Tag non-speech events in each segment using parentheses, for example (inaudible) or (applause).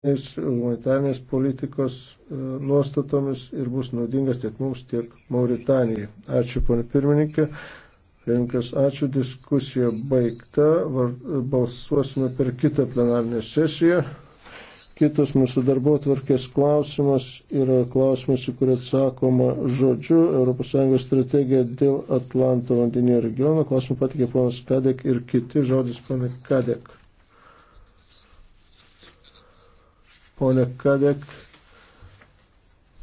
europinės humanitarnės politikos e, nuostatomis ir bus naudingas tiek mums, tiek Mauritanijai. Ačiū, ponė pirmininkė. Pirmininkas, ačiū. Diskusija baigta. E, balsuosime per kitą plenarnę sesiją. Kitas mūsų darbo tvarkės klausimas yra klausimas, į kurį atsakoma žodžiu ES strategija dėl Atlanto vandenyje regiono. Klausimą patikė ponas Kadek ir kiti žodis ponė Kadek. Pone Kadek,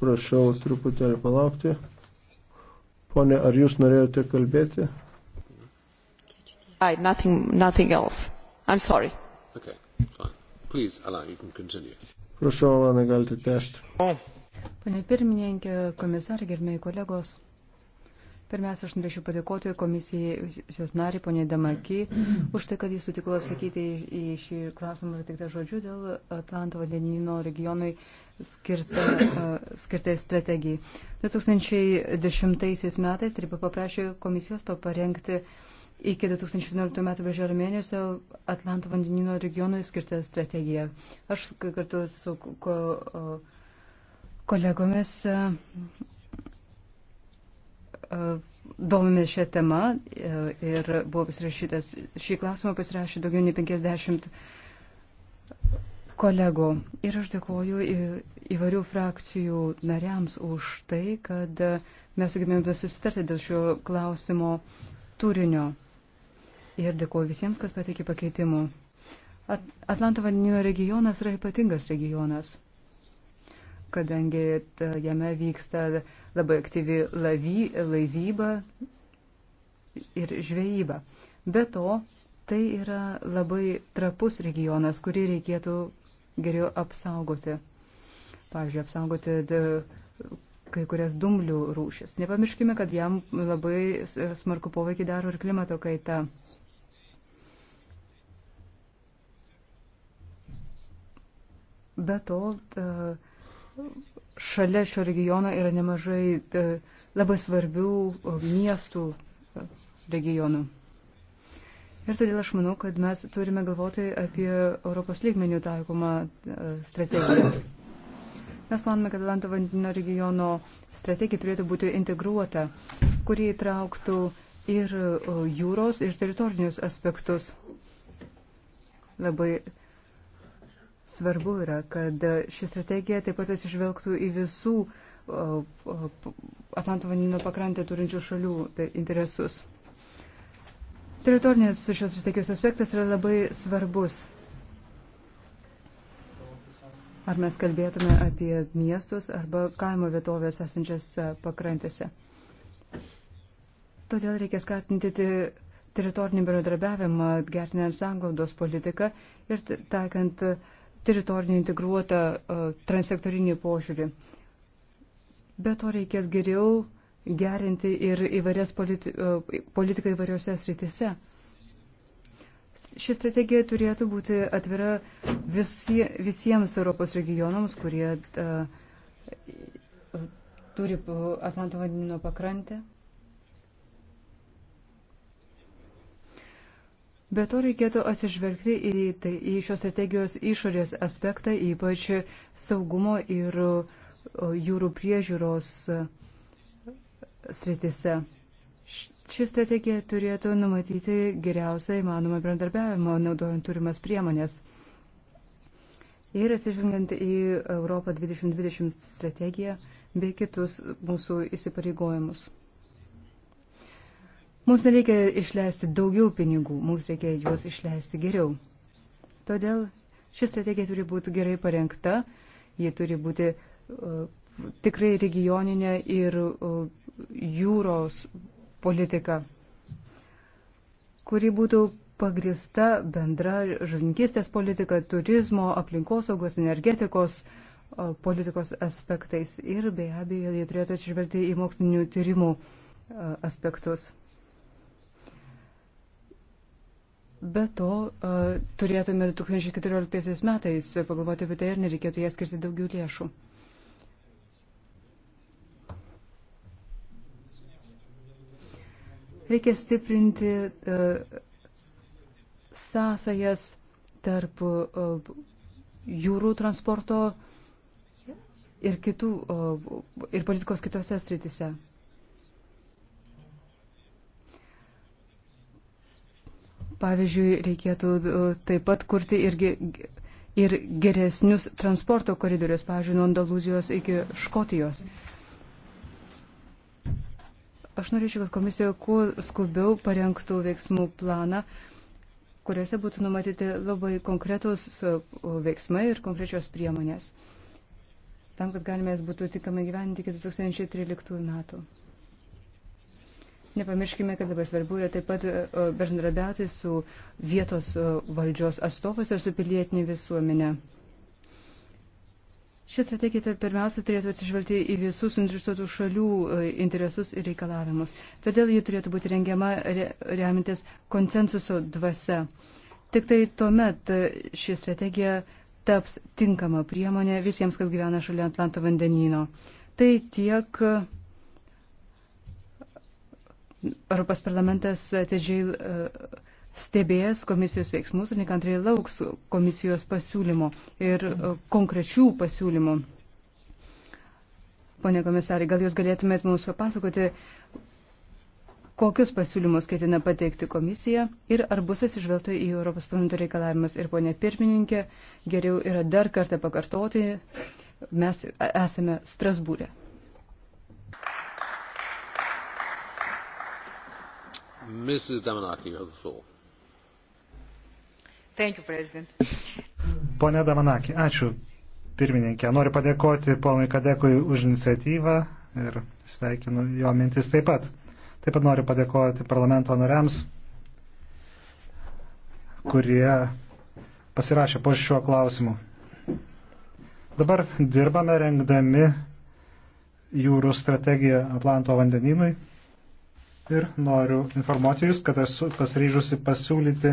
prašau truputėlį palaukti. Pone, ar jūs norėjote kalbėti? I, nothing, nothing else. I'm sorry. Okay, fine. Please, Alain, you can continue. Prašau, Alanai, galite tęsti. Pane pirmininkė, komisarė, gerbėjai kolegos. Pirmiausia, aš norėčiau padėkoti komisijos nariai, ponė Damaki, už tai, kad jis sutiko atsakyti į šį klausimą tik tą žodžiu dėl Atlanto vandenino regionui skirtą, skirtai strategijai. 2010 metais taryba paprašė komisijos parengti iki 2011 metų birželio mėnesio Atlanto vandenino regionui skirtą strategiją. Aš kartu su ko, kolegomis domimės šią temą e, ir buvo pasirašytas, šį klausimą pasirašė daugiau nei 50 kolegų. Ir aš dėkoju įvairių frakcijų nariams už tai, kad mes sugebėjome susitarti dėl šio klausimo turinio. Ir dėkoju visiems, kas pateikė pakeitimų. Atlanto vandenino regionas yra ypatingas regionas kadangi jame vyksta labai aktyvi lavy, laivyba ir žvejyba. Be to, tai yra labai trapus regionas, kurį reikėtų geriau apsaugoti. Pavyzdžiui, apsaugoti kai kurias dumblių rūšis. Nepamirškime, kad jam labai smarku poveikį daro ir klimato kaita. Be to, ta, šalia šio regiono yra nemažai e, labai svarbių e, miestų e, regionų. Ir todėl aš manau, kad mes turime galvoti apie Europos lygmenių taikomą strategiją. Mes manome, kad Atlanto vandenino regiono strategija turėtų būti integruota, kuri įtrauktų ir jūros, ir teritorinius aspektus. Labai Svarbu yra, kad ši strategija taip pat atsižvelgtų į visų Atlanto vandenino pakrantę turinčių šalių e, interesus. Teritorinės šios strategijos aspektas yra labai svarbus. Ar mes kalbėtume apie miestus arba kaimo vietovės esančias e, pakrantėse. Todėl reikia skatinti teritorinį bendradarbiavimą, gertinant sanglaudos politiką ir taikant uh, teritorinį integruotą e, transektorinį požiūrį. Be to reikės geriau gerinti ir įvairias politi e, politiką įvairiose sritise. Ši strategija turėtų būti atvira visi, visiems Europos regionams, kurie uh, turi Atlanto vandenino pakrantę. Be to reikėtų atsižvelgti ir į, tai, į šios strategijos išorės aspektą, ypač saugumo ir jūrų priežiūros e, sritise. Ši strategija turėtų numatyti geriausią įmanomą bendarbiavimą, naudojant turimas priemonės. Ir atsižvelgiant į Europą 2020 strategiją bei kitus mūsų įsipareigojimus. Mums nereikia išleisti daugiau pinigų, mums reikia juos išleisti geriau. Todėl ši strategija turi būti gerai parengta, ji turi būti uh, tikrai regioninė ir uh, jūros politika, kuri būtų pagrista bendra žuvininkystės politika, turizmo, aplinkosaugos, energetikos uh, politikos aspektais ir be abejo jie turėtų atsižvelgti į mokslinių tyrimų uh, aspektus. Be to, e, turėtume 2014 metais pagalvoti apie tai, ar nereikėtų ją skirti daugiau lėšų. Reikia stiprinti e, sąsajas tarp e, jūrų transporto ir, kitų, ir politikos kitose sritise. Pavyzdžiui, reikėtų e, taip pat kurti irgi ir geresnius transporto koridorius, pavyzdžiui, nuo Andalūzijos iki Škotijos. Aš norėčiau, kad komisija kuo skubiau parengtų veiksmų planą, kuriuose būtų numatyti labai konkretus e, veiksmai ir konkrečios priemonės, tam, kad galime jas būtų tikamai gyventi iki 2013 metų. Nepamirškime, kad labai svarbu yra taip pat e, bendrabiauti su vietos e, valdžios atstovais ir su pilietinė visuomenė. Ši strategija tai pirmiausia turėtų atsižvelgti į visus interesuotų šalių e, interesus ir reikalavimus. Todėl ji turėtų būti rengiama remintis konsensuso dvasia. Tik tai tuomet ši strategija taps tinkama priemonė visiems, kas gyvena šalia Atlanto vandenyno. Tai tiek Europos parlamentas atidžiai e, stebės komisijos veiksmus ir nekantriai lauks komisijos pasiūlymo ir e, konkrečių pasiūlymų. Pone komisarė, gal jūs galėtumėt mums papasakoti, kokius pasiūlymus ketina pateikti komisija ir ar bus atsižvelgta į Europos parlamento reikalavimus. Ir ponė pirmininkė, geriau yra dar kartą pakartoti, mes esame Strasbūrė. Pone Damanaki, ačiū pirmininkė. Noriu padėkoti ponui Kadekui už iniciatyvą ir sveikinu jo mintis taip pat. Taip pat noriu padėkoti parlamento nariams, kurie pasirašė po šiuo klausimu. Dabar dirbame rengdami jūrų strategiją Atlanto vandenynui ir noriu informuoti Jūs, kad esu pasiryžusi pasiūlyti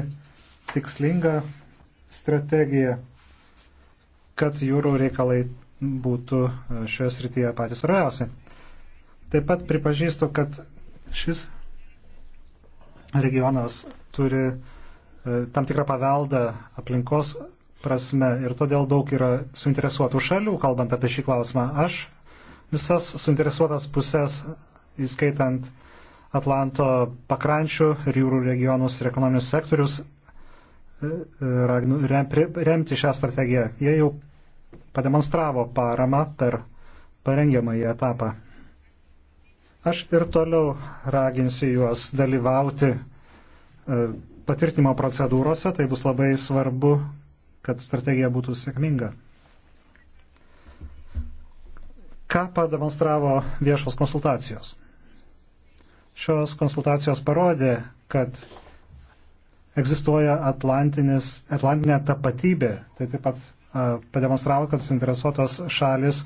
tikslingą strategiją, kad jūrų reikalai būtų e, šioje srityje patys svarbiausi. Taip pat pripažįstu, kad šis regionas turi e, tam tikrą paveldą aplinkos prasme ir todėl daug yra suinteresuotų šalių, kalbant apie šį klausimą. Aš visas suinteresuotas pusės, įskaitant Atlanto pakrančių ir jūrų regionus ir ekonominius sektorius e, e, remti šią strategiją. Jie jau pademonstravo paramą per parengiamąjį etapą. Aš ir toliau raginsiu juos dalyvauti e, patvirtinimo procedūrose, tai bus labai svarbu, kad strategija būtų sėkminga. Ką pademonstravo viešos konsultacijos? Šios konsultacijos parodė, kad egzistuoja Atlantinė tapatybė. Tai taip pat uh, pademonstravo, kad suinteresuotos šalis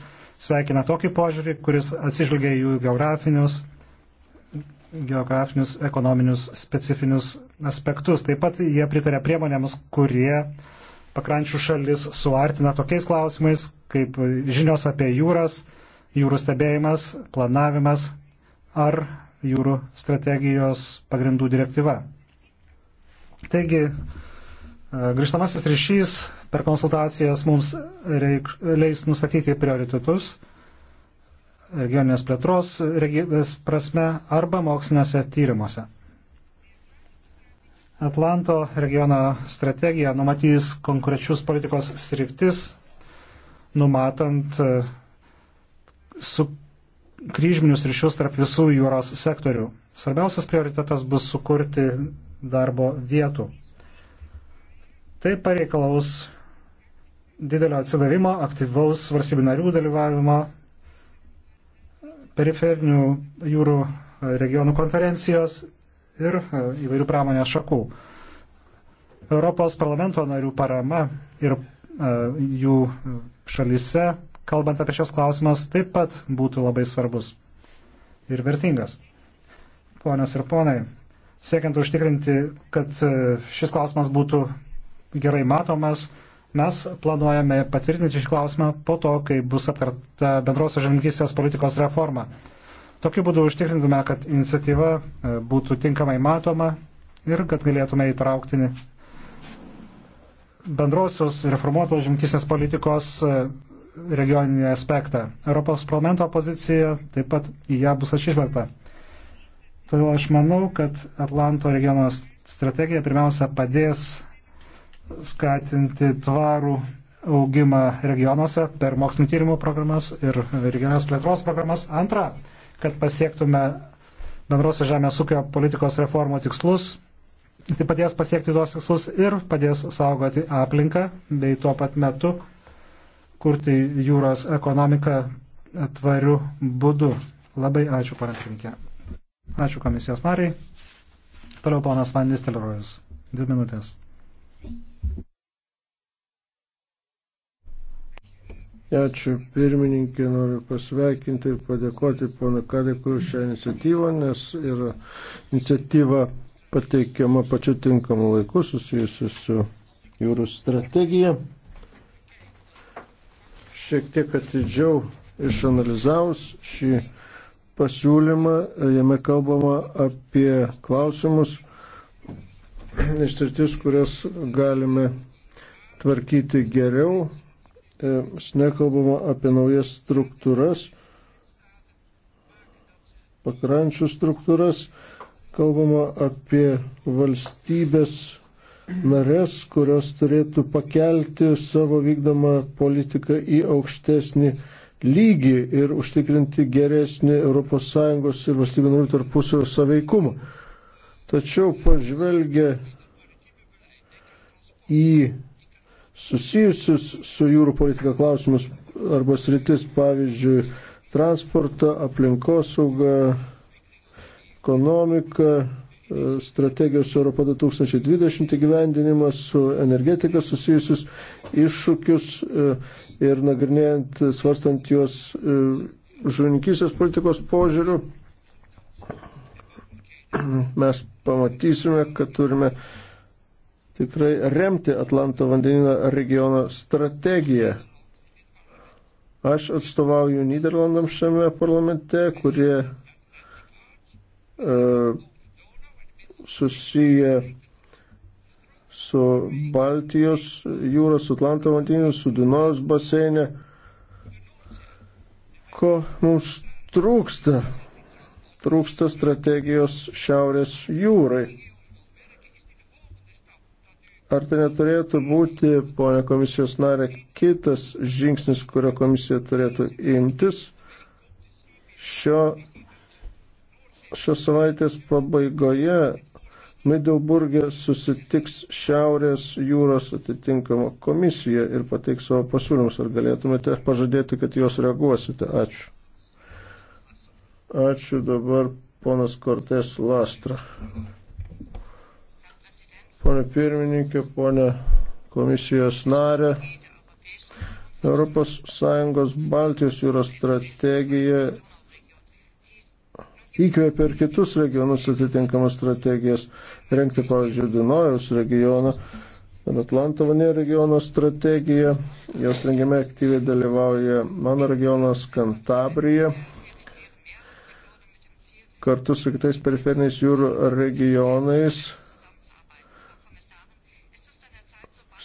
sveikina tokį požiūrį, kuris atsižvelgia jų geografinius, geografinius, ekonominius, specifinius aspektus. Taip pat jie pritarė priemonėms, kurie pakrančių šalis suartina tokiais klausimais, kaip žinios apie jūras, jūrų stebėjimas, planavimas ar jūrų strategijos pagrindų direktyva. Taigi, e, grįžtamasis ryšys per konsultacijas mums reik, leis nustatyti prioritetus regioninės plėtros regionės prasme arba moksliniuose tyrimuose. Atlanto regiono strategija numatys konkrečius politikos sriktis, numatant e, su kryžminius ryšius tarp visų jūros sektorių. Svarbiausias prioritetas bus sukurti darbo vietų. Tai pareikalaus didelio atsidavimo, aktyvaus valstybių narių dalyvavimo, periferinių jūrų regionų konferencijos ir e, įvairių pramonės šakų. Europos parlamento narių parama ir e, jų šalise kalbant apie šios klausimas, taip pat būtų labai svarbus ir vertingas. Ponios ir ponai, siekiant užtikrinti, kad e, šis klausimas būtų gerai matomas, mes planuojame patvirtinti šį klausimą po to, kai bus aptarta bendrosios žemdinkystės politikos reforma. Tokiu būdu užtikrintume, kad iniciatyva e, būtų tinkamai matoma ir kad galėtume įtraukti bendrosios reformuotos žemdinkystės politikos e, regioninį aspektą. Europos parlamento pozicija taip pat į ją bus atsižvelgta. Todėl aš manau, kad Atlanto regiono strategija pirmiausia padės skatinti tvarų augimą regionuose per mokslinio tyrimų programas ir regionės plėtros programas. Antra, kad pasiektume bendrosios žemės ūkio politikos reformų tikslus, tai padės pasiekti tuos tikslus ir padės saugoti aplinką bei tuo pat metu kurti jūros ekonomiką tvariu būdu. Labai ačiū, pana pirmininkė. Ačiū komisijos nariai. Toliau ponas Van Nistelrojus. Dvi minutės. Ačiū pirmininkė, noriu pasveikinti ir padėkoti pono Kadekui už šią iniciatyvą, nes yra iniciatyva pateikiama pačiu tinkamu laiku susijusiu su jūrų strategija šiek tiek atidžiau išanalizavus šį pasiūlymą, jame kalbama apie klausimus, ištirtis, kurias galime tvarkyti geriau. E, mes nekalbama apie naujas struktūras, pakrančių struktūras, kalbama apie valstybės narės, kurios turėtų pakelti savo vykdomą politiką į aukštesnį lygį ir užtikrinti geresnį ES ir valstybių narių tarpusio saveikumą. Tačiau pažvelgia į susijusius su jūrų politika klausimus arba sritis, pavyzdžiui, transportą, aplinkosaugą, ekonomiką, strategijos Europo 2020 įgyvendinimas, su energetika susijusius iššūkius e, ir nagrinėjant, e, svarstant juos e, žuvininkysės politikos požiūrių, (clears throat) mes pamatysime, kad turime tikrai remti Atlanto vandenino regiono strategiją. Aš atstovauju Niderlandams šiame parlamente, kurie uh, susiję su Baltijos jūra, su Atlanto vandenynu, su Dunojos baseinė. Ko mums trūksta? Trūksta strategijos Šiaurės jūrai. Ar tai neturėtų būti, ponia komisijos narė, kitas žingsnis, kurio komisija turėtų imtis? Šio, šios savaitės pabaigoje Middelburgė susitiks Šiaurės jūros atitinkama komisija ir pateiks savo pasiūlymus. Ar galėtumėte pažadėti, kad juos reaguosite? Ačiū. Ačiū dabar ponas Kortės Lastra. Pone pirmininkė, pone komisijos narė. Europos Sąjungos Baltijos jūros strategija įkvėpė ir kitus regionus atitinkamas strategijas renkti, pavyzdžiui, Dunojaus regioną. Atlanto vanė regiono strategija, jos rengime aktyviai dalyvauja mano regionas Kantabrija, kartu su kitais periferiniais jūrų regionais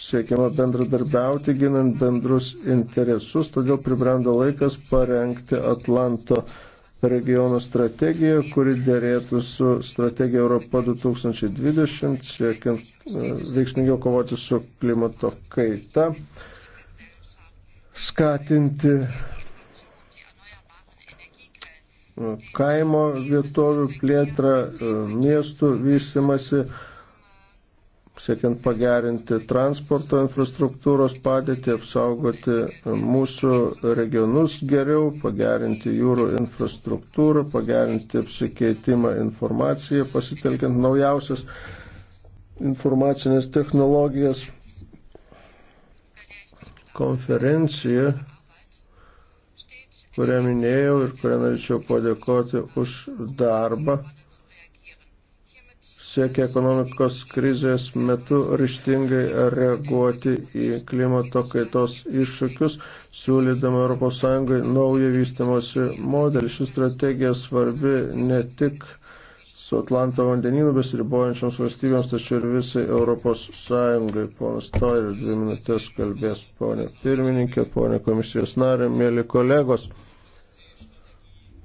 siekiama bendradarbiauti, ginant bendrus interesus, todėl pribrendo laikas parengti Atlanto regiono strategija, kuri dėrėtų su strategija Europa 2020, siekiant e, veiksmingiau kovoti su klimato kaita, skatinti e, kaimo vietovių plėtrą, e, miestų vystimasi, siekiant pagerinti transporto infrastruktūros padėtį, apsaugoti mūsų regionus geriau, pagerinti jūrų infrastruktūrą, pagerinti apsikeitimą informaciją, pasitelkiant naujausias informacinės technologijas. Konferencija, kurią minėjau ir kurią norėčiau padėkoti už darbą siekia ekonomikos krizės metu ryštingai reaguoti į klimato kaitos iššūkius, siūlydama ES naują vystimosi modelį. Ši strategija svarbi ne tik su Atlanto vandenynu besiribojančioms valstybėms, tačiau ir visai ES. Ponas Toiris dvi minutės kalbės, ponė pirmininkė, ponė komisijos narė, mėly kolegos.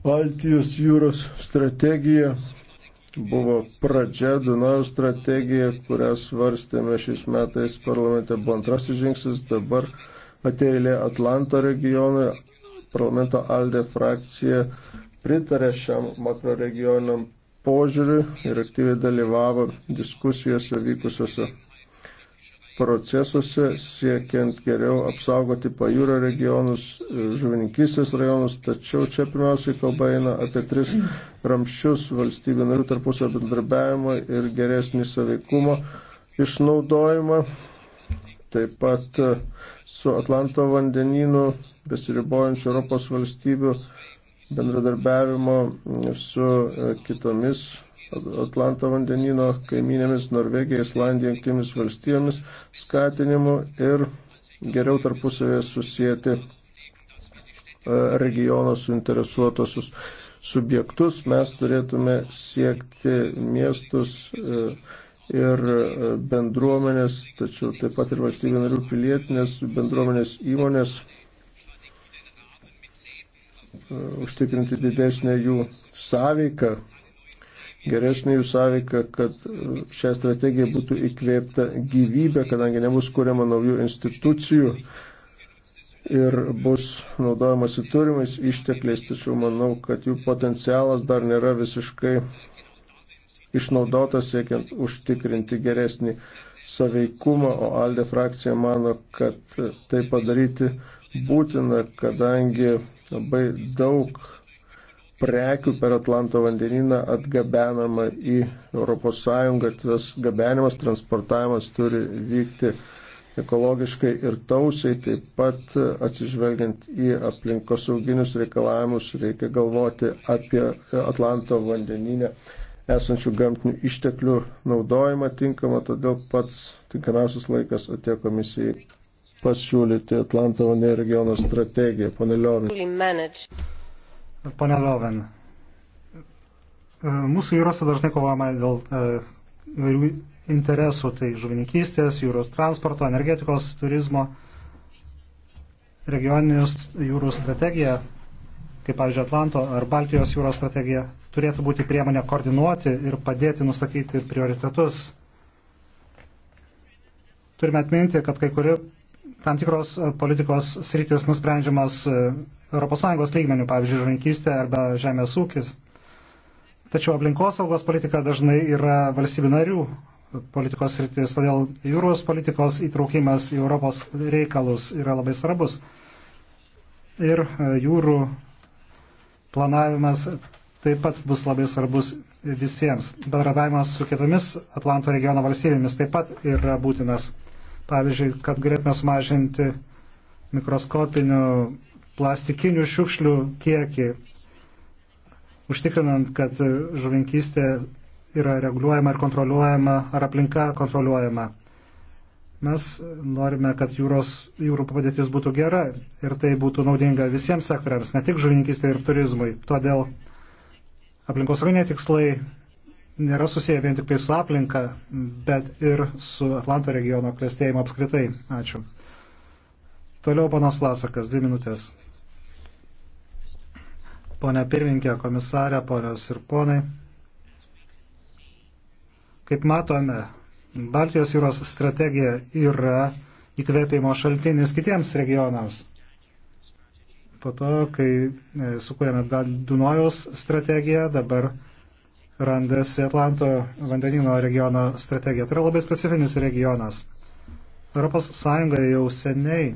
Baltijos jūros strategija buvo pradžia, Dunojų strategija, kurią svarstėme šiais metais parlamente, buvo antrasis žingsnis, dabar atėjo Atlanto regionui, parlamento Alde frakcija pritarė šiam makro regioniam požiūriui ir aktyviai dalyvavo diskusijose vykusiose procesuose, siekiant geriau apsaugoti pajūrio regionus, e, žuvininkysės rajonus, tačiau čia pirmiausiai kalba eina apie tris ramščius valstybių narių tarpusio bendradarbiavimą ir geresnį saveikumo išnaudojimą. Taip pat e, su Atlanto vandenynu besiribojančių Europos valstybių bendradarbiavimo su e, kitomis Atlanto vandenino kaiminėmis Norvegija, Islandija, Jungtimis valstijomis skatinimu ir geriau tarpusavėje susijęti e, regiono suinteresuotosius subjektus. Mes turėtume siekti miestus e, ir e, bendruomenės, tačiau taip pat ir valstybė narių pilietinės bendruomenės įmonės užtikrinti didesnę jų sąveiką geresnė jų sąveika, kad e, šią strategiją būtų įkvėpta gyvybė, kadangi nebus kuriama naujų institucijų ir bus naudojamasi turimais ištekliais, tačiau manau, kad jų potencialas dar nėra visiškai išnaudotas siekiant užtikrinti geresnį saveikumą, o Aldė frakcija mano, kad tai padaryti būtina, kadangi labai daug prekių per Atlanto vandenyną atgabenama į ES, tas gabenimas, transportavimas turi vykti ekologiškai ir tausiai, taip pat atsižvelgiant į aplinkosauginius reikalavimus, reikia galvoti apie Atlanto vandeninę esančių gamtinių išteklių naudojimą tinkamą, todėl pats tinkamiausias laikas atėjo komisijai pasiūlyti Atlanto vandenį regiono strategiją. Pane Liovinė. Pane Loven, e, mūsų jūrose dažnai kovojama dėl e, įvairių interesų, tai žuvininkystės, jūros transporto, energetikos, turizmo, regioninius jūrų strategija, kaip pavyzdžiui Atlanto ar Baltijos jūros strategija, turėtų būti priemonė koordinuoti ir padėti nustatyti prioritetus. Turime atminti, kad kai kuri tam tikros e, politikos sritis nusprendžiamas ES lygmenių, pavyzdžiui, žankystė arba žemės ūkis. Tačiau aplinkosaugos politika dažnai yra valstybių narių politikos sritis, todėl jūros politikos įtraukimas į Europos reikalus yra labai svarbus. Ir e, jūrų planavimas taip pat bus labai svarbus visiems. Bendradavimas su kitomis Atlanto regiono valstybėmis taip pat yra būtinas. Pavyzdžiui, kad galėtume sumažinti mikroskopinių plastikinių šiukšlių kiekį, užtikrinant, kad žuvinkystė yra reguliuojama ir kontroliuojama, ar aplinka kontroliuojama. Mes norime, kad jūros, jūrų padėtis būtų gera ir tai būtų naudinga visiems sektoriams, ne tik žuvininkystė ir turizmui. Todėl aplinkosauginiai tikslai nėra susiję vien tik tai su aplinka, bet ir su Atlanto regiono klėstėjimu apskritai. Ačiū. Toliau panas Lasakas, dvi minutės. Pone pirmininkė, komisarė, ponios ir ponai. Kaip matome, Baltijos jūros strategija yra įkvėpimo šaltinis kitiems regionams. Po to, kai e, sukūrėme Dunojaus strategiją, dabar randasi Atlanto vandenino regiono strategija. Tai yra labai specifinis regionas. ES jau seniai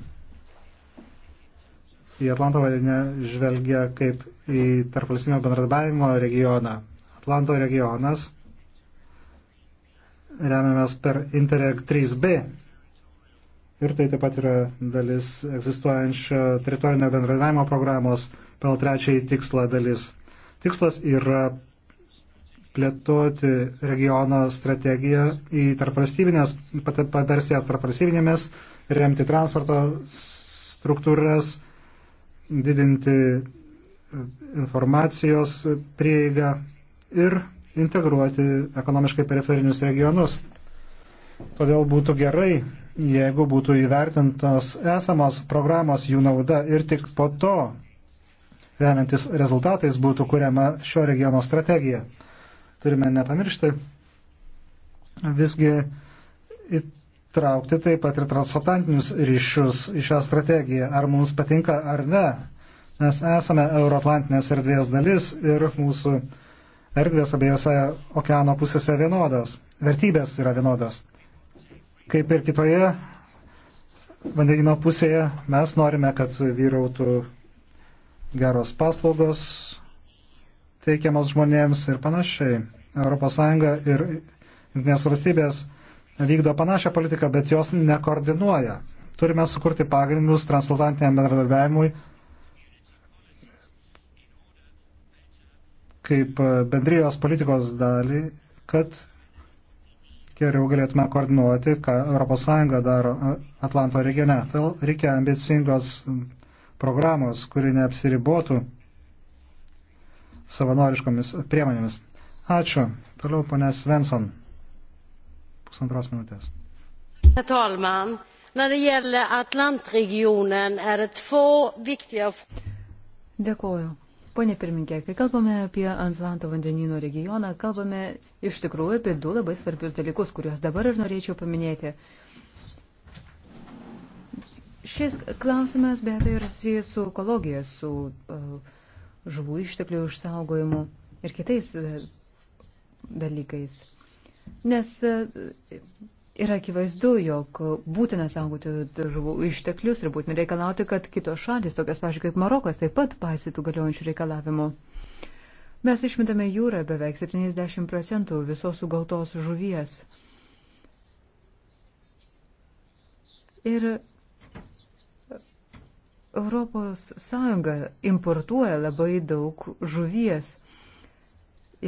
į Atlanto vandenį žvelgia kaip į tarpvalstybinio bendradarbiavimo regioną. Atlanto regionas remiamės per Interreg 3B. Ir tai taip pat yra dalis egzistuojančio teritorinio bendradavimo programos pagal trečiąjį tikslą dalis. Tikslas yra plėtoti regiono strategiją į tarpvalstybinės, paversijas tarpvalstybinėmis, remti transporto struktūras, didinti informacijos prieigą ir integruoti ekonomiškai periferinius regionus. Todėl būtų gerai, jeigu būtų įvertintos esamos programos jų nauda ir tik po to, remiantis rezultatais, būtų kuriama šio regiono strategija turime nepamiršti visgi įtraukti taip pat ir transatlantinius ryšius į šią strategiją, ar mums patinka ar ne. Mes esame euroatlantinės erdvės dalis ir mūsų erdvės abiejose okeano pusėse vienodos. Vertybės yra vienodos. Kaip ir kitoje vandenino pusėje mes norime, kad vyrautų geros paslaugos, teikiamos žmonėms ir panašiai. ES ir jungtinės valstybės vykdo panašią politiką, bet jos nekoordinuoja. Turime sukurti pagrindus transatlantiniam bendradarbiavimui kaip bendrijos politikos dalį, kad geriau galėtume koordinuoti, ką ES daro Atlanto regione. Tai reikia ambicingos programos, kuri neapsiribotų savanoriškomis priemonėmis. Ačiū. Toliau ponės Svensson. Pusantros minutės. Herr talman, när det gäller Atlantregionen är det två viktiga... Dėkuoju. Pone pirminkė, kai kalbame apie Atlanto vandenino regioną, kalbame iš tikrųjų apie du labai svarbius dalykus, kuriuos dabar ir norėčiau paminėti. Šis klausimas be abejo yra susijęs su ekologija, su uh, žuvų išteklių išsaugojimu ir kitais e, dalykais. Nes e, yra akivaizdu, jog būtina saugoti žuvų išteklius ir būtina reikalauti, kad kitos šalis, tokias, pažiūrėjau, kaip Marokas, taip pat paisytų galiojančių reikalavimų. Mes išmetame jūrą beveik 70 procentų visos sugautos žuvies. Ir Europos Sąjunga importuoja labai daug žuvies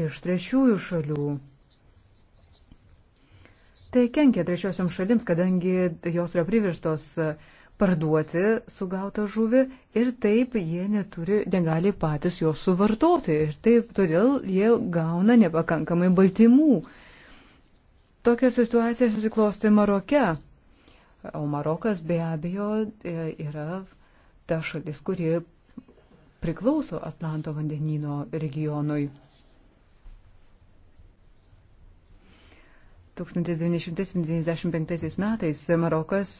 iš trečiųjų šalių. Tai kenkia trečiosiam šalims, kadangi jos yra priverstos parduoti sugautą žuvį ir taip jie neturi, negali patys jos suvartoti ir taip todėl jie gauna nepakankamai baltymų. Tokia situacija susiklosti Maroke, o Marokas be abejo e, yra ta šalis, kuri priklauso Atlanto vandenino regionui. 1975 metais Marokas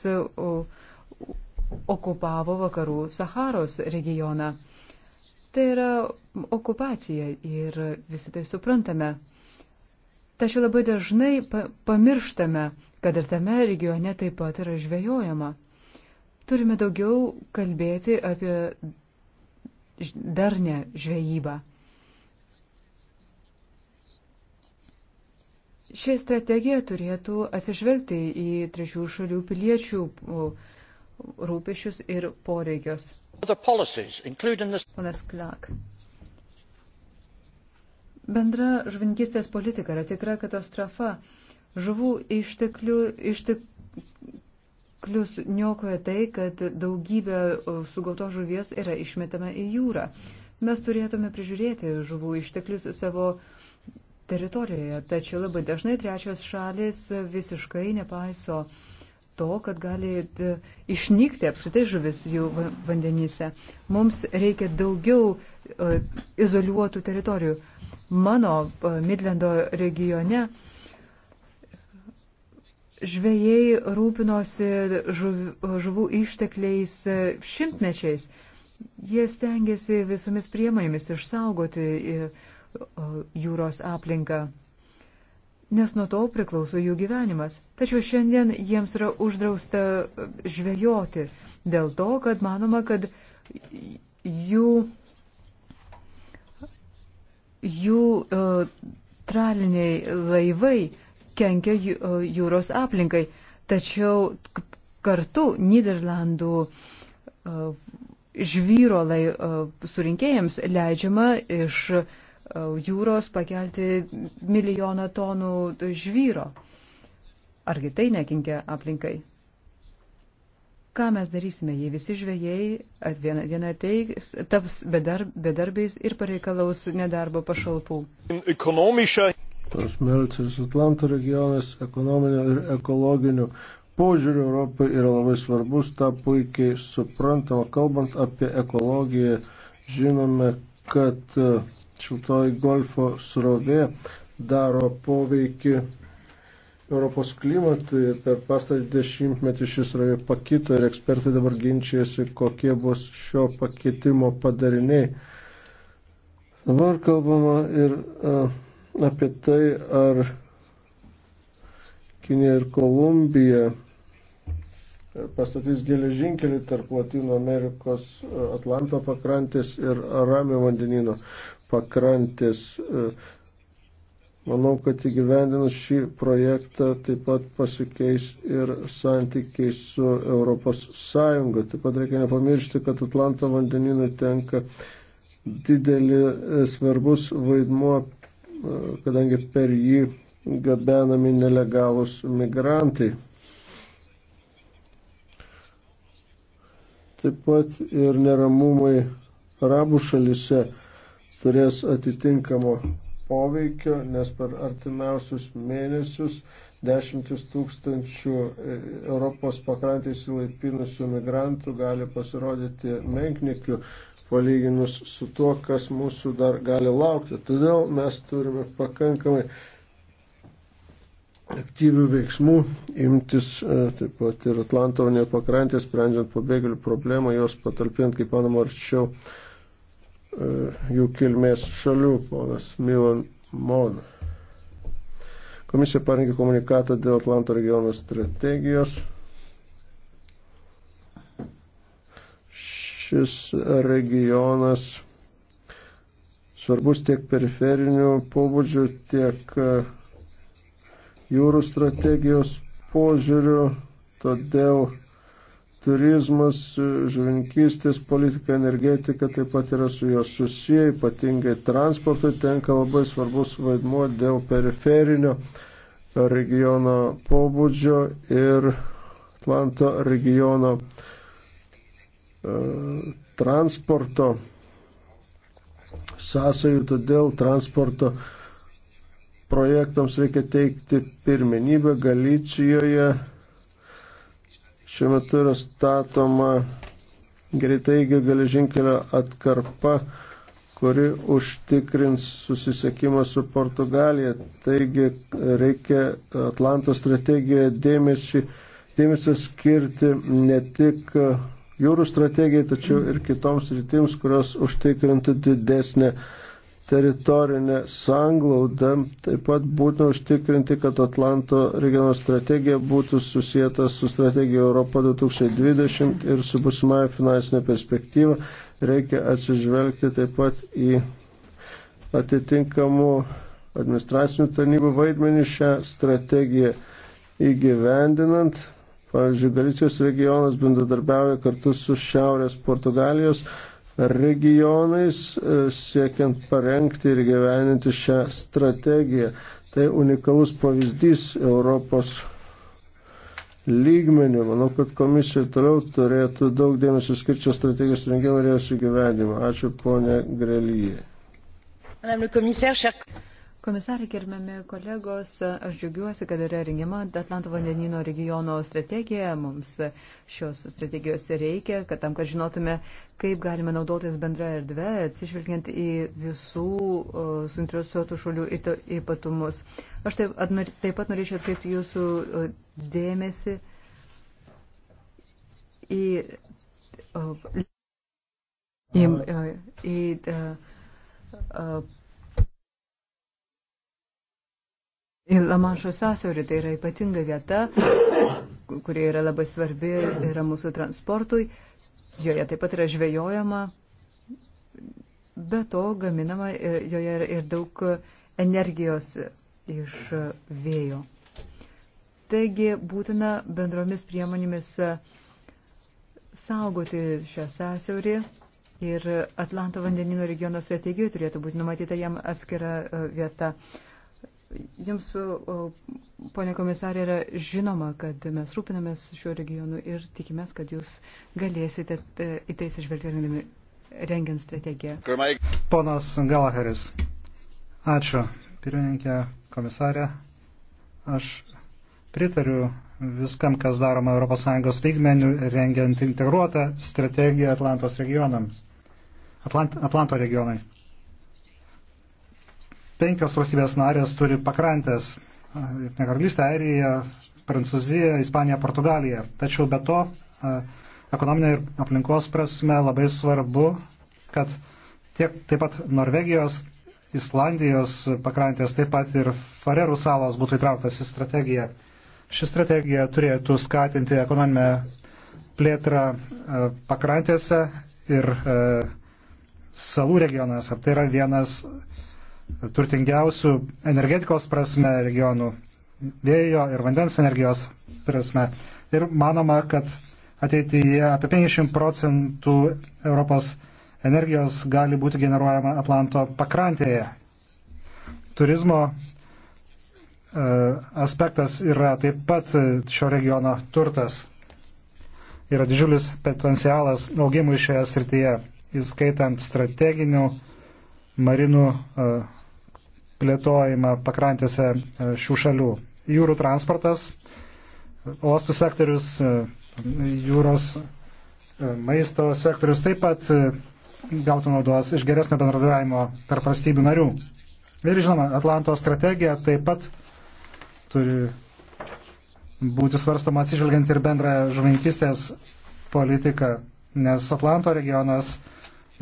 okupavo vakarų Saharos regioną. Tai yra okupacija ir visi tai suprantame. Tačiau labai dažnai pamirštame, kad ir tame regione taip pat yra žvejojama. Turime daugiau kalbėti apie darnę žvejybą. Ši strategija turėtų atsižvelgti į trečių šalių piliečių rūpešius ir poreikius. Ponas Klak. Bendra žvinkistės politika yra tikra katastrofa. Žuvų išteklių, ištek, Klius niokoja tai, kad daugybė sugautos žuvies yra išmetama į jūrą. Mes turėtume prižiūrėti žuvų išteklius savo teritorijoje, tačiau labai dažnai trečios šalis visiškai nepaiso to, kad gali e, išnykti apskritai žuvis jų vandenyse. Mums reikia daugiau e, izoliuotų teritorijų. Mano e, Midlendo regione žvėjai rūpinosi žuv, žuvų ištekliais e, šimtmečiais. Jie stengiasi visomis priemonėmis išsaugoti e, jūros aplinką, nes nuo to priklauso jų gyvenimas. Tačiau šiandien jiems yra uždrausta žvejoti dėl to, kad manoma, kad jų, jų uh, traliniai laivai uh, kenkia jūros aplinkai. Tačiau kartu Niderlandų žvyro lai, surinkėjams leidžiama iš jūros pakelti milijoną tonų žvyro. Argi tai nekinkia aplinkai? Ką mes darysime, jei visi žvėjai vieną dieną teiks, taps bedar, bedarbiais ir pareikalaus nedarbo pašalpų? Ekonomiškai tos Melcijos Atlanto regionas ekonominio ir ekologinių požiūrių Europai yra labai svarbus, tą puikiai suprantama. Kalbant apie ekologiją, žinome, kad e, šiltoji golfo srovė daro poveikį Europos klimatui ir per pastarį dešimtmetį šis srovė pakito ir ekspertai dabar ginčijasi, kokie bus šio pakitimo padariniai. Dabar kalbama ir uh, apie tai, ar Kinė ir Kolumbija pastatys geležinkelį tarp Latino Amerikos Atlanto pakrantės ir Ramio vandenino pakrantės. Manau, kad įgyvendinus šį projektą taip pat pasikeis ir santykiai su Europos Sąjunga. Taip pat reikia nepamiršti, kad Atlanto vandeninui tenka didelį svarbus vaidmuo kadangi per jį gabenami nelegalus migrantai. Taip pat ir neramumai arabų šalise turės atitinkamo poveikio, nes per artimiausius mėnesius dešimtis tūkstančių Europos pakrantės įlaipinusių migrantų gali pasirodyti menknikių palyginus su tuo, kas mūsų dar gali laukti. Todėl mes turime pakankamai aktyvių veiksmų imtis e, taip pat ir Atlanto unijos pakrantės, sprendžiant pabėgėlių problemą, jos patalpint kaip manoma arčiau e, jų kilmės šalių, ponas Milan Mon. Komisija parengė komunikatą dėl Atlanto regiono strategijos šis regionas svarbus tiek periferinių pobūdžių, tiek e, jūrų strategijos požiūrių, todėl turizmas, e, žuvinkystės politika, energetika taip pat yra su juos susiję, ypatingai transportui tenka labai svarbus vaidmuo dėl periferinio regiono pobūdžio ir Atlanto regiono transporto sąsajų, todėl transporto projektams reikia teikti pirmenybę. Galicijoje šiuo metu yra statoma greitaigio geležinkelio atkarpa, kuri užtikrins susisiekimą su Portugalija. Taigi reikia Atlanto strategijoje dėmesį, dėmesį skirti ne tik jūrų strategijai, tačiau ir kitoms rytims, kurios užtikrintų didesnę teritorinę sanglaudą. Taip pat būtina užtikrinti, kad Atlanto regiono strategija būtų susijęta su strategija Europa 2020 ir su busimąją finansinę perspektyvą. Reikia atsižvelgti taip pat į atitinkamų administracinių tarnybų vaidmenį šią strategiją įgyvendinant. Pavyzdžiui, Galicijos regionas bendradarbiauja kartu su Šiaurės Portugalijos regionais, e, siekiant parengti ir gyveninti šią strategiją. Tai unikalus pavyzdys Europos lygmenį. Manau, kad komisija toliau turėtų daug dėmesio skirčio strategijos rengimo ir jos įgyvendimo. Ačiū ponė Grelyje. Komisarė, gerbiami kolegos, aš džiaugiuosi, kad yra rengiama Atlanto vandenino regiono strategija. Mums šios strategijos reikia, kad tam, kad žinotume, kaip galime naudotis bendra erdvė, atsižvelgiant į visų uh, suinteresuotų šalių ypatumus. Aš taip, atnor, taip pat norėčiau atkreipti jūsų uh, dėmesį į. Uh, į, uh, į uh, uh, Lamanšo sąsiaurį tai yra ypatinga vieta, kurie yra labai svarbi, yra mūsų transportui, joje taip pat yra žvejojama, be to gaminama e, joje yra ir daug energijos iš vėjo. Taigi būtina bendromis priemonėmis e, saugoti šią sąsiaurį ir Atlanto vandenino regiono strategijoje turėtų būti numatyta jam atskira e, vieta. Uh, Jums, ponė komisarė, yra žinoma, kad mes rūpinamės šiuo regionu ir tikimės, kad jūs galėsite e, į tai sižvelgti rengiant strategiją. Ponas Galaheris, ačiū. Pirmininkė, komisarė, aš pritariu viskam, kas daroma ES lygmenių, rengiant integruotą strategiją Atlantos regionams. Atlant, Atlanto regionai penkios valstybės narės turi pakrantės. Karalystė, Airija, Prancūzija, Ispanija, Portugalija. Tačiau be to, ekonominė ir aplinkos prasme labai svarbu, kad tiek taip pat Norvegijos, Islandijos pakrantės, taip pat ir Farerų salos būtų įtrauktas į strategiją. Ši strategija turėtų skatinti ekonominę plėtrą pakrantėse ir salų regionuose. Tai yra vienas turtingiausių energetikos prasme regionų, vėjo ir vandens energijos prasme. Ir manoma, kad ateityje apie 50 procentų Europos energijos gali būti generuojama Atlanto pakrantėje. Turizmo e, aspektas yra taip pat šio regiono turtas. Yra didžiulis potencialas augimui šioje srityje, įskaitant strateginių marinų e, plėtojimą pakrantėse e, šių šalių. Jūrų transportas, uostų sektorius, e, jūros e, maisto sektorius taip pat gautų naudos iš geresnio bendradarbiavimo tarp valstybių narių. Ir žinoma, Atlanto strategija taip pat turi būti svarstama atsižvelgiant ir bendrą žuvinkistės politiką, nes Atlanto regionas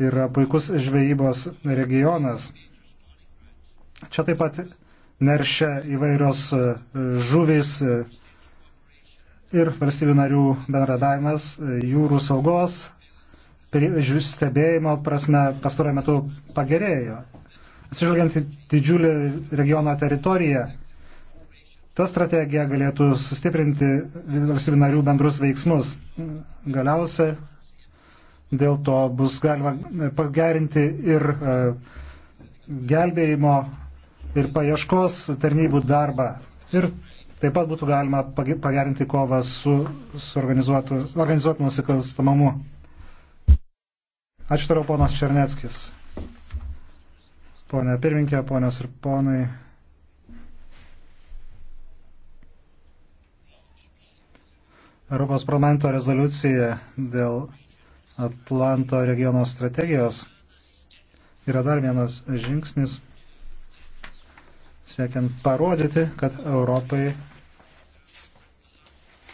yra puikus žvejybos regionas. Čia taip pat neršia įvairios e, žuvys e, ir valstybių narių bendradavimas e, jūrų saugos stebėjimo prasme pastaruoju metu pagerėjo. Atsižvelgiant į didžiulį regiono teritoriją, ta strategija galėtų sustiprinti valstybių narių bendrus veiksmus. Galiausiai dėl to bus galima pagerinti ir gelbėjimo ir paieškos tarnybų darbą. Ir taip pat būtų galima pagerinti kovą su, su organizuotu, organizuotu nusikalstamamu. Ačiū toliau, ponas Černeckis. Pone pirminkė, ponios ir ponai. Europos parlamento rezoliucija dėl Atlanto regiono strategijos yra dar vienas žingsnis siekiant parodyti, kad Europai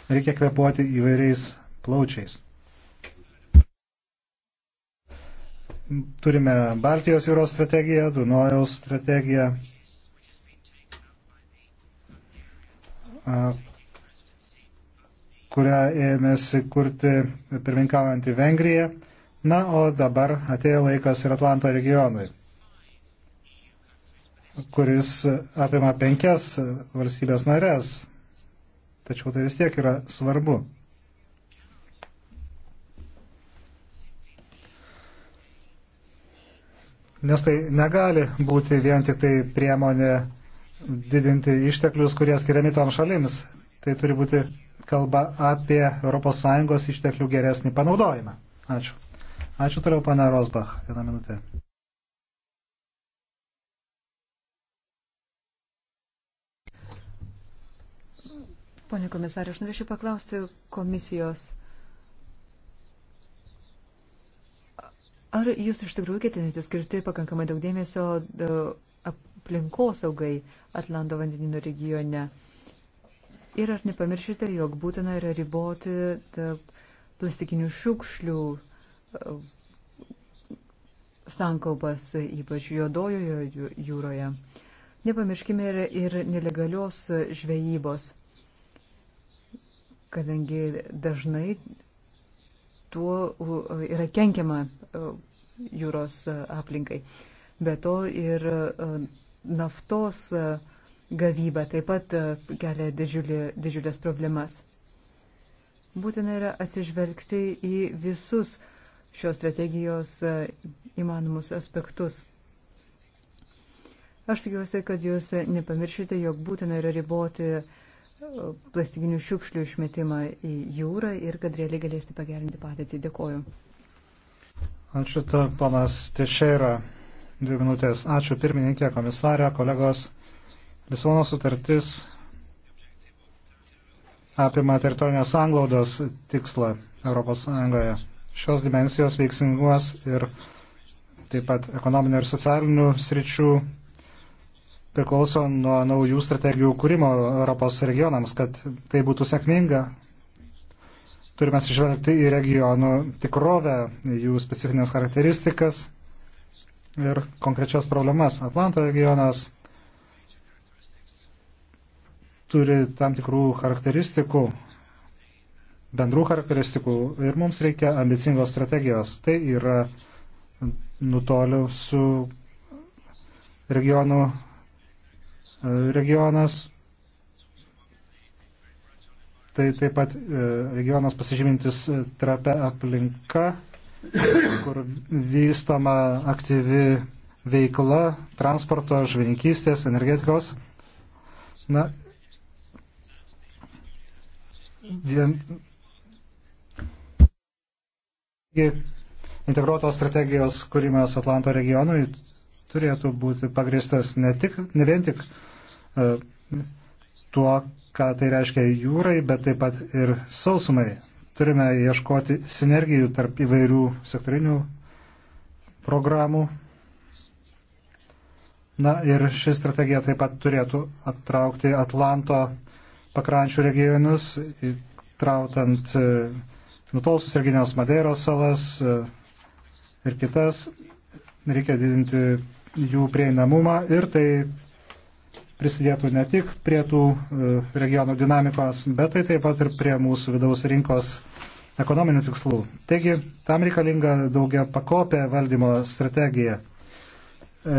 reikia kvepuoti įvairiais plaučiais. Turime Baltijos jūros strategiją, Dunojaus strategiją, kurią ėmėsi kurti pirminkaujantį Vengriją. Na, o dabar atėjo laikas ir Atlanto regionui kuris apima penkias valstybės narės. Tačiau tai vis tiek yra svarbu. Nes tai negali būti vien tik tai priemonė didinti išteklius, kurie skiriami tom šalims. Tai turi būti kalba apie ES išteklių geresnį panaudojimą. Ačiū. Ačiū toliau, pane Rosbach. Vieną minutę. Pone komisarė, aš norėčiau paklausti komisijos. Ar jūs iš tikrųjų ketinate skirti pakankamai daug dėmesio e, aplinkosaugai Atlanto vandenino regione? Ir ar nepamiršite, jog būtina yra riboti plastikinių šiukšlių e, sankaupas, ypač juodojoje jūroje? Nepamirškime ir, ir nelegalios žvejybos kadangi dažnai tuo yra kenkiama jūros e, aplinkai. Be to ir e, naftos e, gavyba taip pat kelia didžiulį, didžiulės problemas. Būtina yra atsižvelgti į visus šios strategijos įmanomus aspektus. Aš tikiuosi, kad jūs nepamiršite, jog būtina yra riboti uh, plastikinių šiukšlių išmetimą į jūrą ir kad realiai galėsite pagerinti patirtį. Dėkoju. Ačiū, ta, panas Tešėra. Dvi minutės. Ačiū pirmininkė, komisarė, kolegos. Lisabono sutartis apima teritorinės anglaudos tikslą ES. Šios dimensijos veiksmingumas ir taip pat ekonominių ir socialinių sričių priklauso nuo naujų strategijų kūrimo Europos regionams, kad tai būtų sėkminga. Turime atsižvelgti į regionų tikrovę, jų specifines charakteristikas ir konkrečias problemas. Atlanto regionas turi tam tikrų charakteristikų, bendrų charakteristikų ir mums reikia ambicingos strategijos. Tai yra nutoliu su regionų regionas. Tai taip pat e, regionas pasižymintis e, trapia aplinka, kur vystoma aktyvi veikla transporto, žvininkystės, energetikos. Na, vien, integruotos strategijos kūrimas Atlanto regionui turėtų būti pagristas ne, tik, ne vien tik E, tuo, ką tai reiškia jūrai, bet taip pat ir sausumai. Turime ieškoti sinergijų tarp įvairių sektorinių programų. Na ir ši strategija taip pat turėtų attraukti Atlanto pakrančių regionus, įtrautant e, nutolusius Serginės Madeiros salas e, ir kitas. Reikia didinti jų prieinamumą ir tai prisidėtų ne tik prie tų e, regionų dinamikos, bet tai taip pat ir prie mūsų vidaus rinkos ekonominių tikslų. Taigi, tam reikalinga daugia pakopė valdymo strategija.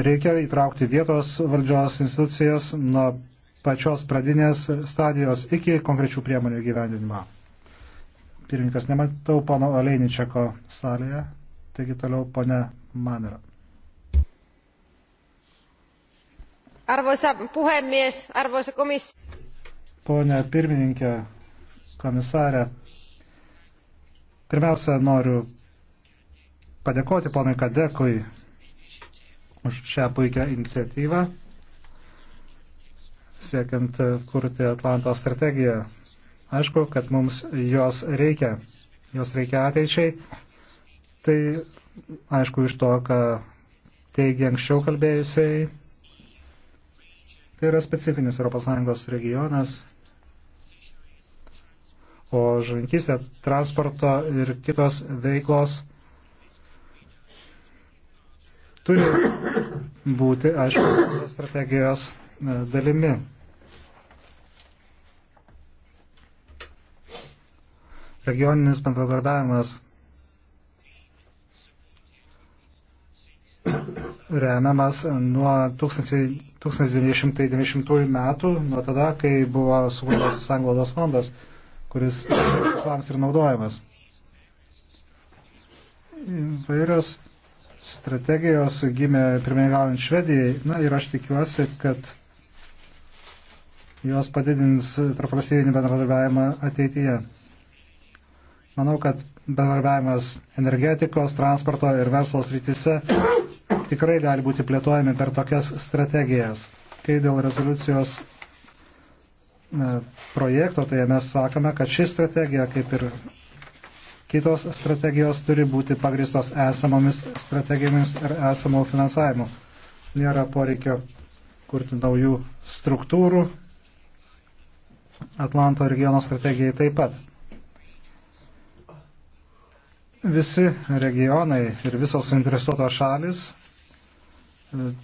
Reikia įtraukti vietos valdžios institucijas nuo pačios pradinės stadijos iki konkrečių priemonių gyvendinimo. Pirmininkas, nematau pono Oleiničiako salėje, taigi toliau pone Manera. Arvoisa puhemies, arvoisa komissio. Pone pirmininkė, komisarė, pirmiausia noriu padėkoti ponui Kadekui už šią puikią iniciatyvą, siekiant kurti Atlanto strategiją. Aišku, kad mums jos reikia, jos reikia ateičiai. Tai aišku iš to, ką teigia anksčiau kalbėjusiai Tai yra specifinis ES regionas, o žuvininkystė, transporto ir kitos veiklos turi būti, aišku, strategijos e, dalimi. Regioninis bendradarbiavimas remiamas nuo 1000. 1990 metų, nuo tada, kai buvo sukurtas Anglodos fondas, kuris tikslams ir naudojamas. Vairios strategijos gimė pirmininkaujant Švedijai, na ir aš tikiuosi, kad jos padidins tarpvalstybinį bendradarbiavimą ateityje. Manau, kad bendradarbiavimas energetikos, transporto ir verslos rytise tikrai gali būti plėtojami per tokias strategijas. Kai dėl rezoliucijos projekto, tai mes sakome, kad ši strategija, kaip ir kitos strategijos, turi būti pagristos esamomis strategijomis ir esamų finansavimu. Nėra poreikio kurti naujų struktūrų. Atlanto regiono strategijai taip pat. Visi regionai ir visos suinteresuotos šalis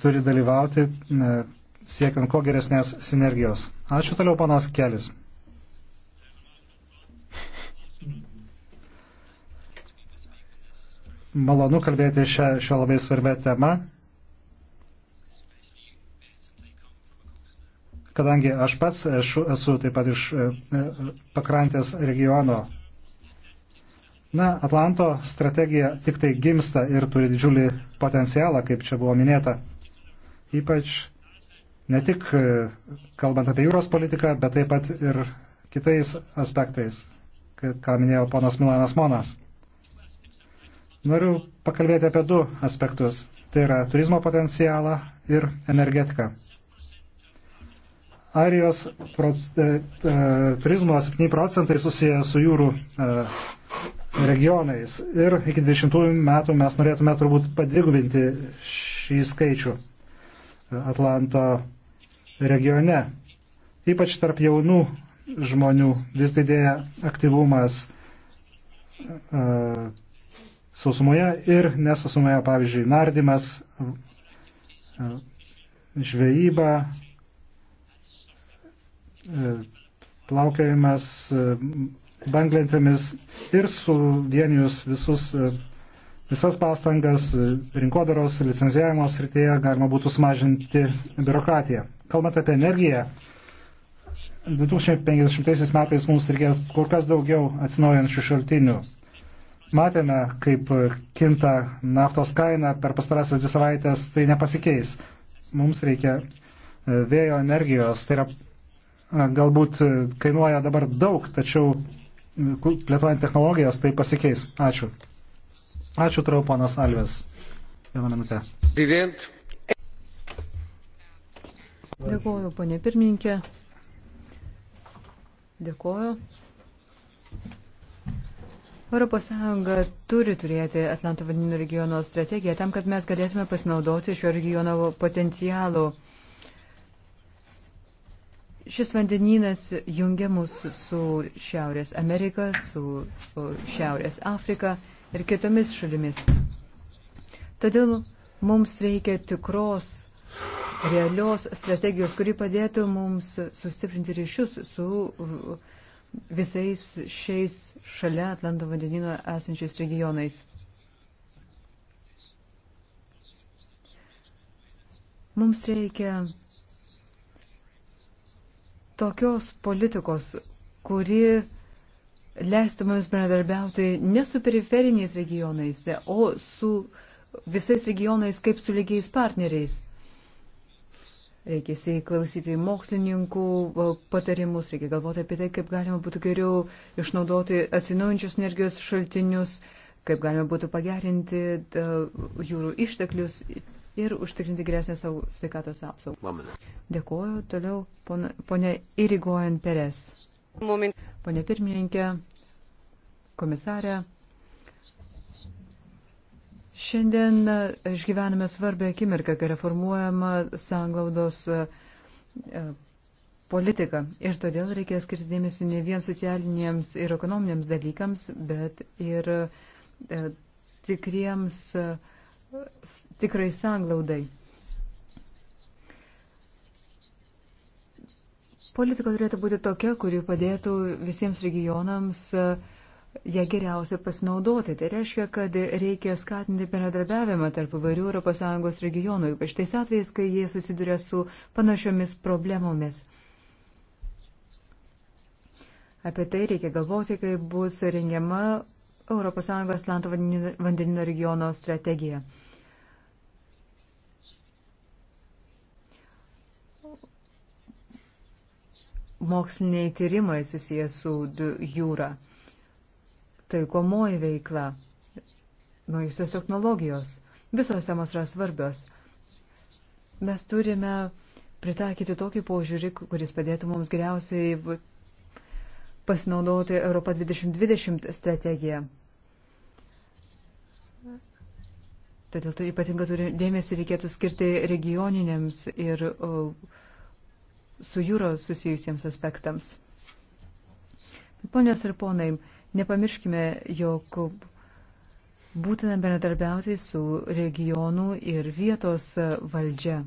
turi dalyvauti e, siekiant kuo geresnės sinergijos. Ačiū toliau, panas Kelis. Malonu kalbėti šią, šią labai svarbę temą, kadangi aš pats esu, esu taip pat iš e, e, pakrantės regiono Na, Atlanto strategija tik tai gimsta ir turi didžiulį potencialą, kaip čia buvo minėta. Ypač ne tik e, kalbant apie jūros politiką, bet taip pat ir kitais aspektais, ką minėjo ponas Milanas Monas. Noriu pakalbėti apie du aspektus. Tai yra turizmo potencialą ir energetiką. Airijos proc, e, e, turizmo 7 procentai susiję su jūrų e, regionais. Ir iki 20 metų mes norėtume turbūt padvigubinti šį skaičių e, Atlanto regione. Ypač tarp jaunų žmonių vis didėja aktyvumas uh, sausumoje ir nesausumoje, pavyzdžiui, nardymas, uh, žvejyba, uh, plaukiojimas, uh, banglentėmis ir suvienijus visus, e, visas pastangas e, rinkodaros licenzijavimo srityje galima būtų sumažinti biurokratiją. Kalbant apie energiją, 2050 metais mums reikės kur kas daugiau atsinaujančių šaltinių. Matėme, kaip kinta naftos kaina per pastarąsias dvi savaitės, tai nepasikeis. Mums reikia e, vėjo energijos, tai yra galbūt kainuoja dabar daug, tačiau plėtojant technologijas, tai pasikeis. Ačiū. Ačiū, turiu ponas Alves. Vieną minutę. Dident. Dėkuoju, ponė pirmininkė. Dėkuoju. Europos Sąjunga turi turėti Atlanto vandenų regiono strategiją tam, kad mes galėtume pasinaudoti šio regiono potencialų. Šis vandenynas jungia mus su Šiaurės Amerika, su Šiaurės Afrika ir kitomis šalimis. Todėl mums reikia tikros, realios strategijos, kuri padėtų mums sustiprinti ryšius su visais šiais šalia Atlanto vandenino esančiais regionais. Mums reikia tokios politikos, kuri leistų mums bendradarbiauti ne su periferiniais regionais, o su visais regionais kaip su lygiais partneriais. Reikia įsiklausyti mokslininkų patarimus, reikia galvoti apie tai, kaip galima būtų geriau išnaudoti atsinaujančius energijos šaltinius, kaip galima būtų pagerinti jūrų išteklius ir užtikrinti geresnę savo sveikatos apsaugą. Dėkuoju. Toliau ponė Irigojan Peres. Pone pirmininkė, komisarė. Šiandien išgyvename svarbę akimirką, kai reformuojama sanglaudos e, e, politika. Ir todėl reikia skirti dėmesį ne vien socialiniams ir ekonominiams dalykams, bet ir e, tikriems uh, tikrai sanglaudai. Politika turėtų būti tokia, kuri padėtų visiems regionams e, ją geriausiai pasinaudoti. Tai reiškia, kad reikia skatinti bendradarbiavimą tarp įvairių ES regionų, ypač tais atvejais, kai jie susiduria su panašiomis problemomis. Apie tai reikia galvoti, kai bus rengiama ES Atlanto vandenino regiono strategiją. Moksliniai tyrimai susijęs su jūra, taikomoji veikla, naujusios technologijos, visos temos yra svarbios. Mes turime pritaikyti tokį požiūrį, kuris padėtų mums geriausiai pasinaudoti Europą 2020 strategiją. Todėl turi ypatinga turi, dėmesį reikėtų skirti regioniniams ir o, su jūro susijusiems aspektams. Ponios ir ponai, nepamirškime, jog būtina bendradarbiauti su regionų ir vietos valdžia.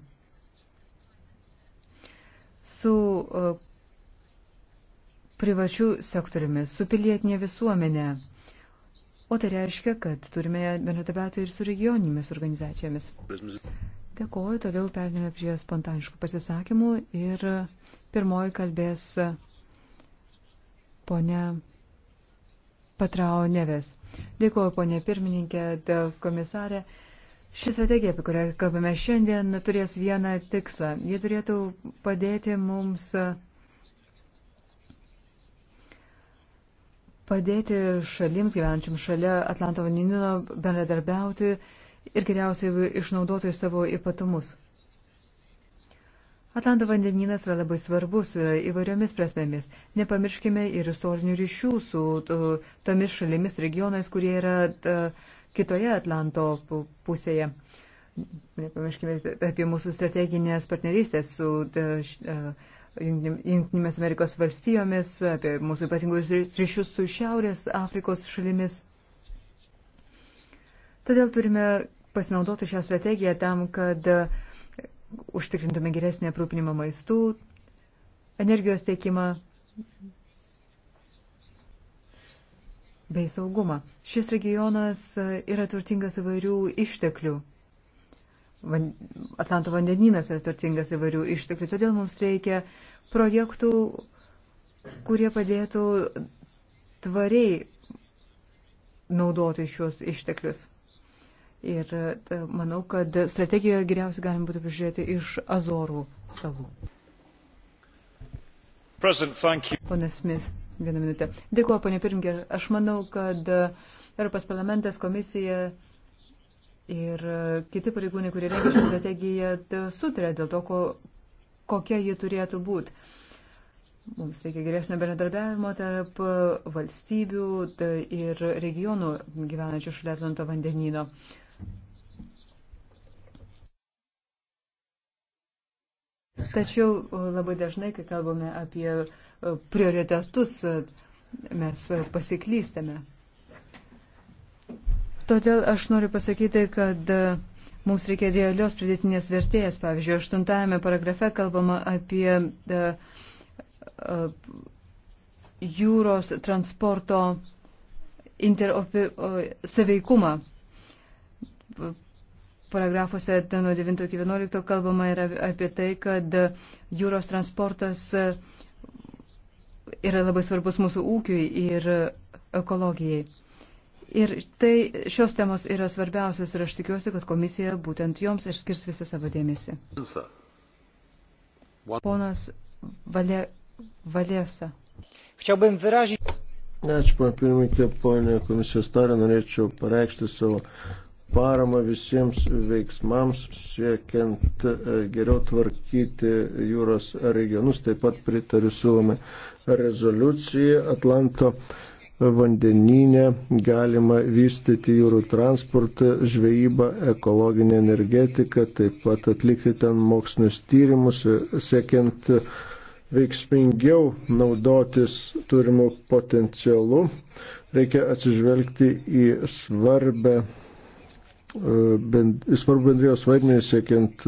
Su privačių sektoriumi, su pilietinė visuomenė. O tai reiškia, kad turime bendradarbiauti ir su regioninėmis organizacijomis. Dėkoju, toliau perinėme prie spontaniškų pasisakymų ir pirmoji kalbės ponia Patrao Neves. Dėkoju, ponia pirmininkė, komisarė. Ši strategija, apie kurią kalbame šiandien, turės vieną tikslą. Ji turėtų padėti mums padėti šalims gyvenančiam šalia Atlanto vandenino bendradarbiauti ir geriausiai išnaudoti savo ypatumus. Atlanto vandenynas yra labai svarbus įvairiomis prasmėmis. Nepamirškime ir istorinių ryšių su tomis šalimis regionais, kurie yra ta, kitoje Atlanto pusėje. Nepamirškime apie mūsų strateginės partnerystės su ta, š, Junktinėmis Amerikos valstijomis, apie mūsų ypatingus ryšius su Šiaurės Afrikos šalimis. Todėl turime pasinaudoti šią strategiją tam, kad e, užtikrintume geresnį aprūpinimą maistų, energijos teikimą bei saugumą. Šis regionas e, yra turtingas įvairių išteklių. Atlanto vandenynas yra turtingas įvairių išteklių, todėl mums reikia projektų, kurie padėtų tvariai naudoti šios išteklius. Ir e, manau, kad strategijoje geriausiai galim būtų prižiūrėti iš Azorų salų. Pone Smith, vieną minutę. Dėkuoju, ponė Pirmger. Aš manau, kad Europos parlamentas komisija Ir e, kiti pareigūnai, kurie rengia šią strategiją, sutarė dėl to, ko, kokia ji turėtų būti. Mums reikia geresnio bendradarbiavimo tarp e, valstybių ir regionų gyvenančių šalia Atlanto vandenyno. Tačiau e, labai dažnai, kai kalbame apie prioritetus, mes pasiklystame. Todėl aš noriu pasakyti, kad e, mums reikia realios pridėtinės vertėjas. Pavyzdžiui, aštuntame paragrafe kalbama apie e, e, jūros transporto interopi, saveikumą. Paragrafuose nuo 9 iki 11 kalbama yra apie tai, kad jūros transportas yra labai svarbus mūsų ūkiui ir ekologijai. Ir tai šios temos yra svarbiausias ir aš tikiuosi, kad komisija būtent joms ir skirs visą savo dėmesį. Ponas Valė, Valėsa. Ačiū, pana pirmininkė, ponė komisijos tarė, norėčiau pareikšti savo paramą visiems veiksmams, siekiant e, geriau tvarkyti jūros regionus. Taip pat pritariu siūlomai rezoliucijai Atlanto vandeninė, galima vystyti jūrų transportą, žvejybą, ekologinę energetiką, taip pat atlikti ten mokslinius tyrimus, siekiant veiksmingiau naudotis turimų potencialų. Reikia atsižvelgti į svarbę e, bend, svarbu bendrijos vaidmenį siekiant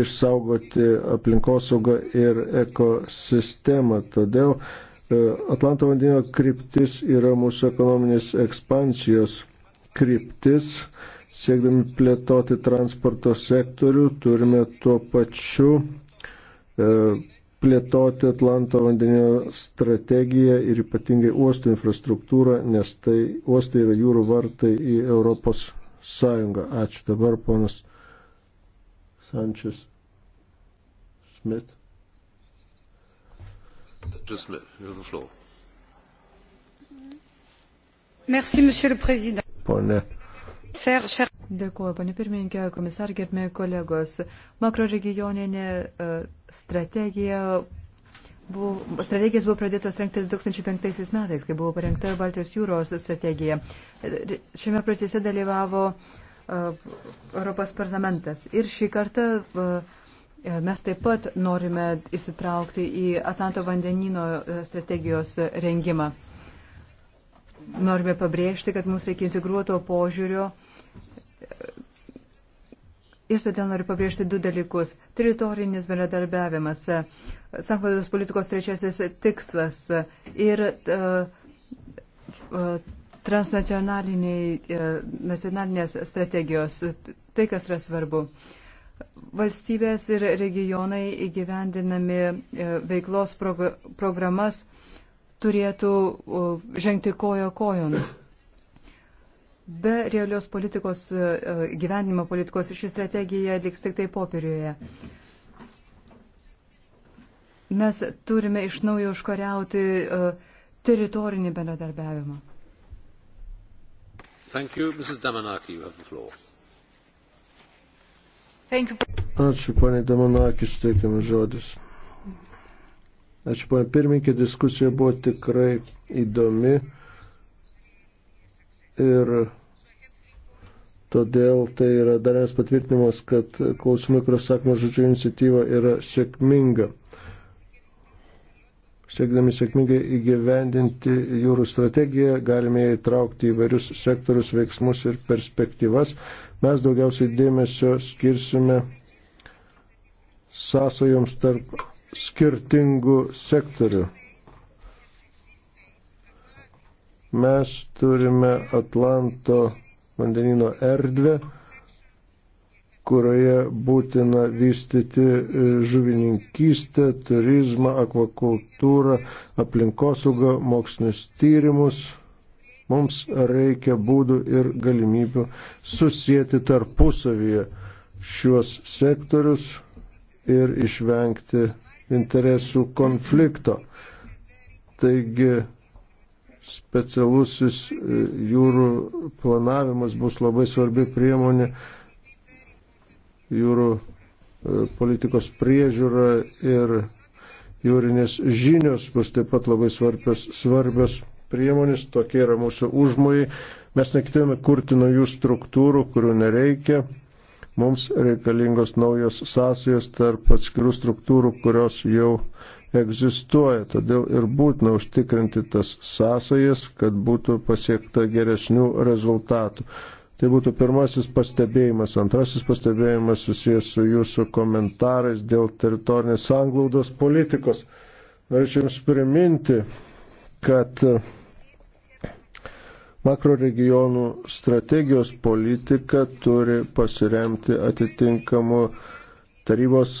išsaugoti aplinkosaugą ir ekosistemą. Todėl E, Atlanto vandenio kryptis yra mūsų ekonominės ekspansijos kryptis. Siekdami plėtoti transporto sektorių turime tuo pačiu e, plėtoti Atlanto vandenio strategiją ir ypatingai uostų infrastruktūrą, nes tai uostai yra jūrų vartai į Europos Sąjungą. Ačiū dabar, ponas Sančias Smith. Merci, monsieur le président. Pone. Dėkuoju, pane pirmininkė, komisar, gerbėjai kolegos. Makroregioninė e, strategija buvo, strategijas buvo pradėtos rengti 2005 metais, kai buvo parengta Baltijos jūros strategija. Šiame procese dalyvavo uh, Europos parlamentas. Ir šį kartą uh, E, mes taip pat norime įsitraukti į Atlanto vandenino e, strategijos rengimą. Norime pabrėžti, kad mums reikia integruoto požiūrio. E, ir todėl noriu pabrėžti du dalykus. Teritorinis bendradarbiavimas, sanklaidos politikos trečiasis tikslas ir uh, transnacionalinės strategijos, tai kas yra svarbu. Uh, valstybės ir regionai įgyvendinami e, veiklos programas turėtų žengti kojo kojon. Be realios politikos, e, e, gyvenimo politikos ši strategija liks tik tai popieriuje. Mes turime iš naujo užkariauti teritorinį bendradarbiavimą. Thank you. Mrs. Damanaki, you have the floor. Ačiū, ponė Damanakis, teikiamas žodis. Ačiū, ponė pirmininkė, diskusija buvo tikrai įdomi ir todėl tai yra dar vienas patvirtinimas, kad klausimai, kurios sakoma žodžių iniciatyva, yra sėkminga. Siekdami sėkmingai įgyvendinti jūrų strategiją, galime įtraukti įvairius sektorius, veiksmus ir perspektyvas Mes daugiausiai dėmesio skirsime sąsajoms tarp skirtingų sektorių. Mes turime Atlanto vandenino erdvę, kurioje būtina vystyti e, žuvininkystę, turizmą, akvakultūrą, aplinkosaugą, mokslinius tyrimus, Mums reikia būdų ir galimybių susijęti tarpusavyje šiuos sektorius ir išvengti interesų konflikto. Taigi specialusis e, jūrų planavimas bus labai svarbi priemonė jūrų e, politikos priežiūra ir jūrinės žinios bus taip pat labai svarbios, svarbios priemonės, tokie yra mūsų užmojai. Mes neketiname kurti naujų struktūrų, kurių nereikia. Mums reikalingos naujos sąsajos tarp atskirų struktūrų, kurios jau egzistuoja. Todėl ir būtina užtikrinti tas sąsajas, kad būtų pasiekta geresnių rezultatų. Tai būtų pirmasis pastebėjimas. Antrasis pastebėjimas susijęs su jūsų komentarais dėl teritorinės sanglaudos politikos. Norėčiau Jums priminti, kad makroregionų strategijos politika turi pasiremti atitinkamu tarybos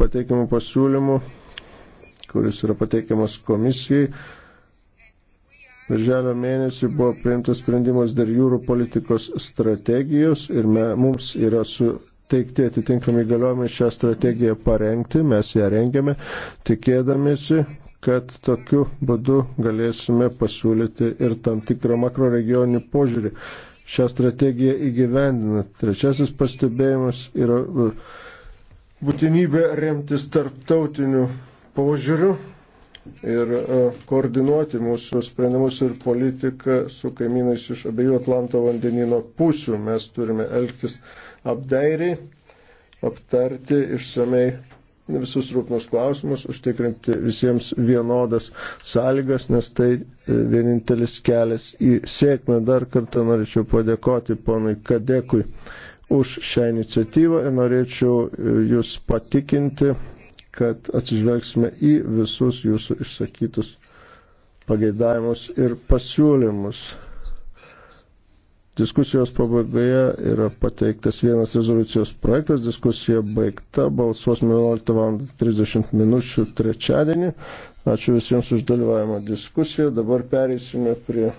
pateikiamu pasiūlymu, kuris yra pateikiamas komisijai. Birželio mėnesį buvo priimtas sprendimas dėl jūrų politikos strategijos ir me, mums yra suteikti atitinkami galiojimai šią strategiją parengti. Mes ją rengiame, tikėdamėsi, kad tokiu būdu galėsime pasiūlyti ir tam tikrą makroregioninį požiūrį. Šią strategiją įgyvendina. Trečiasis pastebėjimas yra e, būtinybė remtis tarptautiniu požiūriu ir e, koordinuoti mūsų sprendimus ir politiką su kaimynais iš abiejų Atlanto vandenino pusių. Mes turime elgtis apdairiai, aptarti išsamei visus rūpnus klausimus, užtikrinti visiems vienodas sąlygas, nes tai e, vienintelis kelias į sėkmę. Dar kartą norėčiau padėkoti ponui Kadekui už šią iniciatyvą ir norėčiau e, jūs patikinti, kad atsižvelgsime į visus jūsų išsakytus pageidavimus ir pasiūlymus. Diskusijos pabaigoje yra pateiktas vienas rezoliucijos projektas, diskusija baigta, balsuosime 11.30 minučių trečiadienį. Ačiū visiems už dalyvavimą diskusiją. Dabar pereisime prie